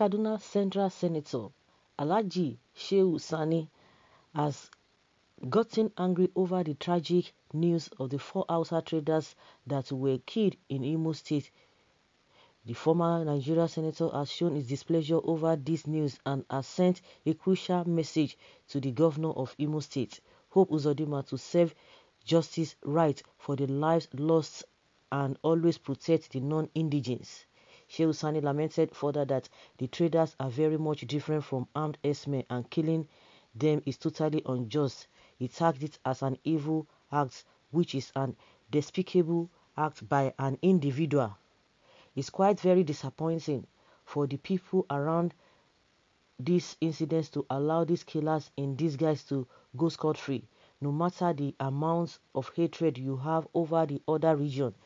Kaduna Central Senator Alhaji Shehu Sani has gotten angry over the tragic news of the four Hausa traders that were killed in Imo State. The former Nigeria senator has shown his displeasure over this news and has sent a crucial message to the governor of Imo State, Hope Uzodima, to serve justice right for the lives lost and always protect the non indigenous Sani lamented further that the traders are very much different from armed men, and killing them is totally unjust. He tagged it as an evil act, which is an despicable act by an individual. It's quite very disappointing for the people around these incidents to allow these killers in disguise to go scot-free, no matter the amount of hatred you have over the other region.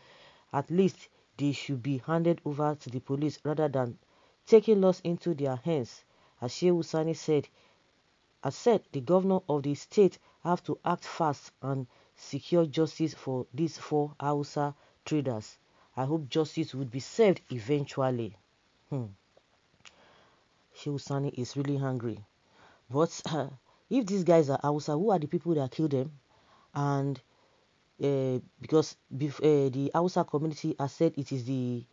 At least they should be handed over to the police rather than taking laws into their hands. As Usani said, "I said, the governor of the state have to act fast and secure justice for these four Hausa traders. I hope justice would be served eventually. Hmm. Shehu is really hungry. But uh, if these guys are Hausa, who are the people that killed them? And Eh, because bef- uh, the Hausa community has said it is the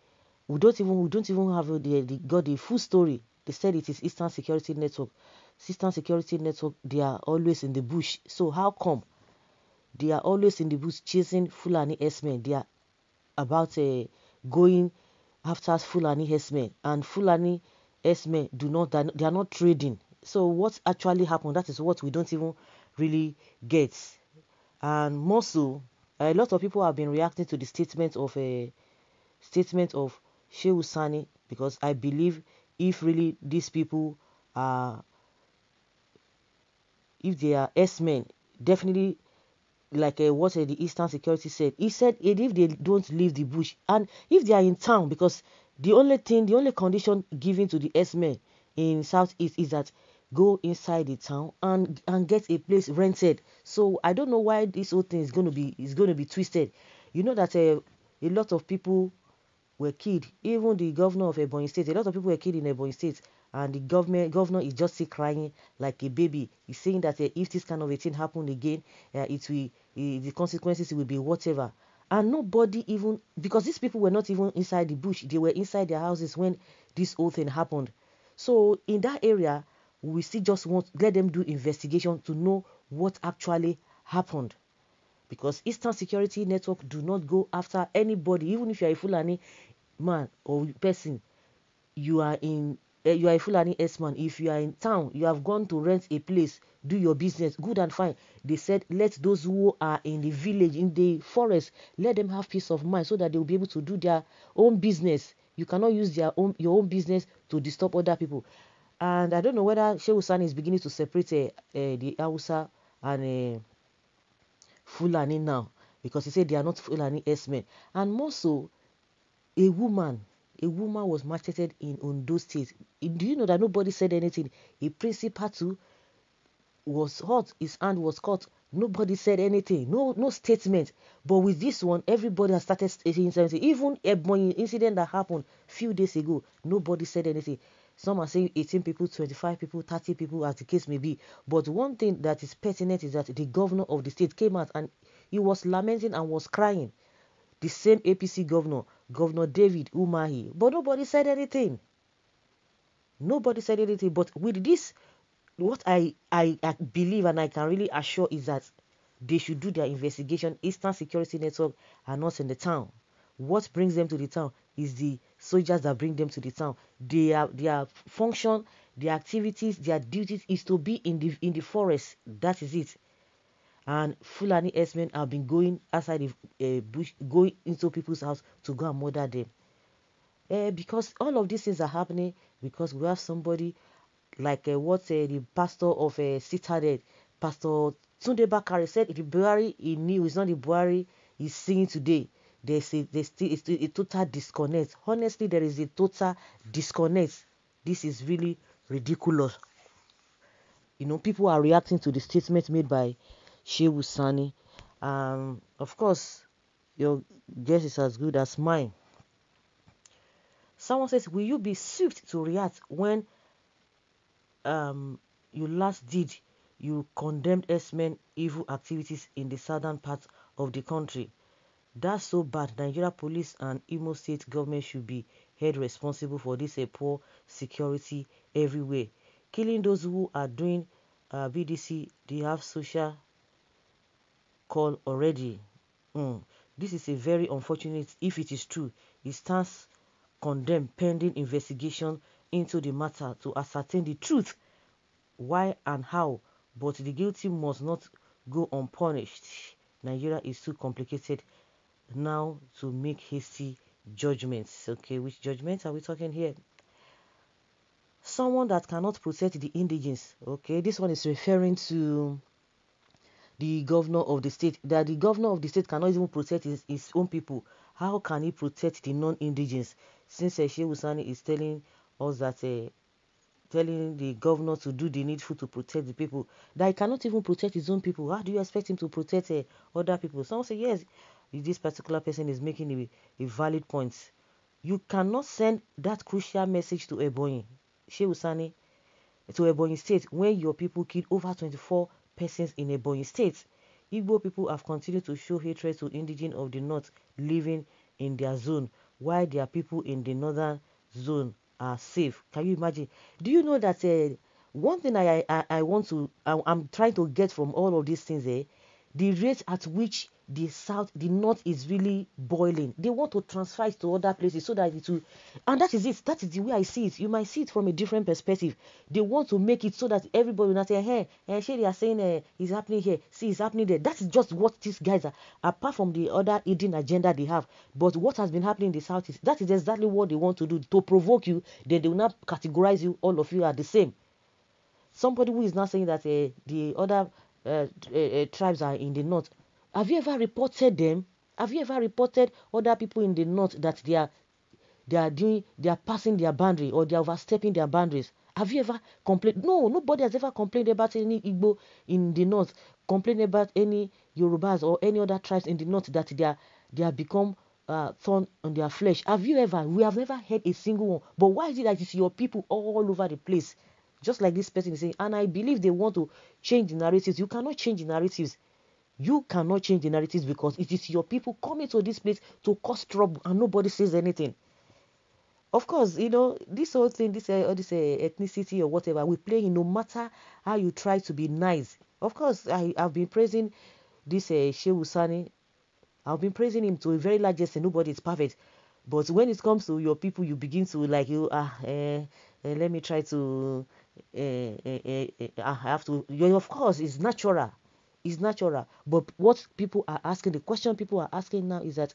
we don't even we don't even have the, the got the full story. They said it is Eastern Security Network. Eastern Security Network they are always in the bush. So how come they are always in the bush chasing Fulani S-men? They are about uh, going after Fulani S-men and Fulani S-men do not they are not trading. So what actually happened? That is what we don't even really get and more so a lot of people have been reacting to the statement of a eh, statement of Shehu Sani because I believe if really these people are if they are S-men, definitely like uh, what uh, the Eastern Security said. He said if they don't leave the bush and if they are in town, because the only thing, the only condition given to the S-men in Southeast is that go inside the town and and get a place rented so i don't know why this whole thing is going to be is going to be twisted you know that a eh, a lot of people were killed even the governor of ebony state a lot of people were killed in ebony state and the government governor is just still crying like a baby he's saying that uh, if this kind of a thing happened again uh, it will the consequences will be whatever and nobody even because these people were not even inside the bush they were inside their houses when this whole thing happened so in that area we still just want let them do investigation to know what actually happened because eastern security network do not go after anybody even if you are a fulani man or person you are in uh, you are a fulani s-man if you are in town you have gone to rent a place do your business good and fine they said let those who are in the village in the forest let them have peace of mind so that they will be able to do their own business you cannot use their own your own business to disturb other people and I don't know whether Shehu Sani is beginning to separate uh, uh, the Hausa and uh, Fulani now because he said they are not Fulani S-men. And more so, a woman, a woman was macheted in Ondo State. Do you know that nobody said anything? A principal was hurt, his hand was cut. Nobody said anything, no no statement. But with this one, everybody has started saying something. Even a incident that happened few days ago, nobody said anything. Some are saying 18 people, 25 people, 30 people, as the case may be. But one thing that is pertinent is that the governor of the state came out and he was lamenting and was crying. The same APC governor, Governor David Umahi. But nobody said anything. Nobody said anything. But with this, what I, I, I believe and I can really assure is that they should do their investigation. Eastern Security Network are not in the town. What brings them to the town is the soldiers that bring them to the town. Their their function, their activities, their duties is to be in the in the forest. That is it. And Fulani herdsmen have been going outside the uh, bush, going into people's house to go and murder them. Uh, because all of these things are happening because we have somebody like uh, what uh, the pastor of uh, Citadel, Pastor Tunde Bakari said, the Buhari he knew, it's not the Buhari he's singing today there's a, there's still, it's a total disconnect. Honestly, there is a total disconnect. This is really ridiculous. You know, people are reacting to the statement made by Shehu Sani. Um, of course, your guess is as good as mine. Someone says, Will you be swift to react when um, you last did? You condemned S men evil activities in the southern part of the country. That's so bad. Nigeria police and Imo state government should be held responsible for this a eh, poor security everywhere. Killing those who are doing uh, BDC, they have social call already. Mm. This is a very unfortunate, if it is true, it stands condemned pending investigation into the matter to ascertain the truth, why and how, but the guilty must not go unpunished. Nigeria is too complicated now to make hasty judgments. Okay, which judgments are we talking here? Someone that cannot protect the indigents. Okay, this one is referring to the governor of the state. That the governor of the state cannot even protect his, his own people. How can he protect the non-indigents? Since uh, Sheikh Usani is telling us that uh, telling the governor to do the needful to protect the people that he cannot even protect his own people how do you expect him to protect uh, other people some say yes this particular person is making a, a valid point, you cannot send that crucial message to Ebonyi, Sheusani, to Ebony State when your people killed over 24 persons in Ebony State. Igbo people have continued to show hatred to indigenes of the north living in their zone, while their people in the northern zone are safe. Can you imagine? Do you know that uh, one thing I, I, I want to I, am trying to get from all of these things eh, the rate at which the south the north is really boiling they want to transfer it to other places so that it will and that is it that is the way i see it you might see it from a different perspective they want to make it so that everybody will not say hey hey they are saying uh, it's happening here see it's happening there that's just what these guys are apart from the other hidden agenda they have but what has been happening in the south is that is exactly what they want to do to provoke you then they will not categorize you all of you are the same somebody who is not saying that uh, the other uh, uh, uh, tribes are in the north. Have you ever reported them? Have you ever reported other people in the north that they are they are doing they are passing their boundary or they are overstepping their boundaries? Have you ever complained? No, nobody has ever complained about any Igbo in the north, complained about any Yorubas or any other tribes in the north that they are they have become uh, thorn on their flesh. Have you ever? We have never heard a single one. But why is it that it's your people all over the place just like this person is saying, and I believe they want to change the narratives. You cannot change the narratives. You cannot change the narratives because it is your people coming to this place to cause trouble and nobody says anything. Of course, you know, this whole thing, this, uh, this uh, ethnicity or whatever, we play in no matter how you try to be nice. Of course, I, have been praising this uh, Shehu Sani. I've been praising him to a very large extent. Nobody is perfect. But when it comes to your people, you begin to like you ah eh, eh, let me try to Eh, eh, eh, I have to. Of course, it's natural. It's natural. But what people are asking, the question people are asking now is that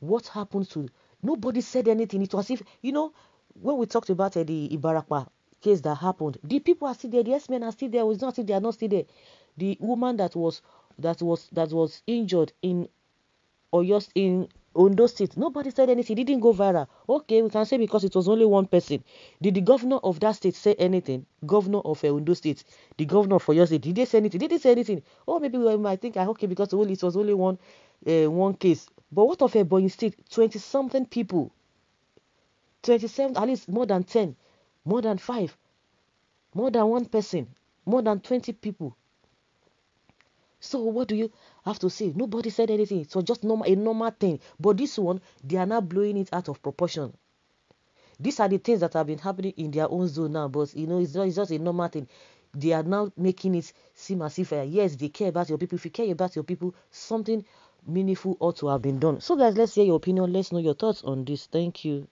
what happened to. Nobody said anything. It was if, you know, when we talked about uh, the Ibarakwa case that happened, the people are still there, the S-men are still there, it's not they are not still there. The woman that was that was that was injured in or just in Ondo State. Nobody said anything. It didn't go viral. Okay, we can say because it was only one person. Did the governor of that state say anything? Governor of uh, Ondo State, the governor for your state, did they say anything? Did they say anything? Oh, maybe we might think, ah, okay, because only it was only one, uh, one case. But what of Ebonyi eh, State? Twenty something people. Twenty-seven, at least more than ten, more than five, more than one person, more than twenty people so what do you have to say? Nobody said anything. So just normal, a normal thing. But this one, they are now blowing it out of proportion. These are the things that have been happening in their own zone now. But you know, it's, not, it's just a normal thing. They are now making it seem as if uh, yes, they care about your people. If you care about your people, something meaningful ought to have been done. So guys, let's hear your opinion. Let's know your thoughts on this. Thank you.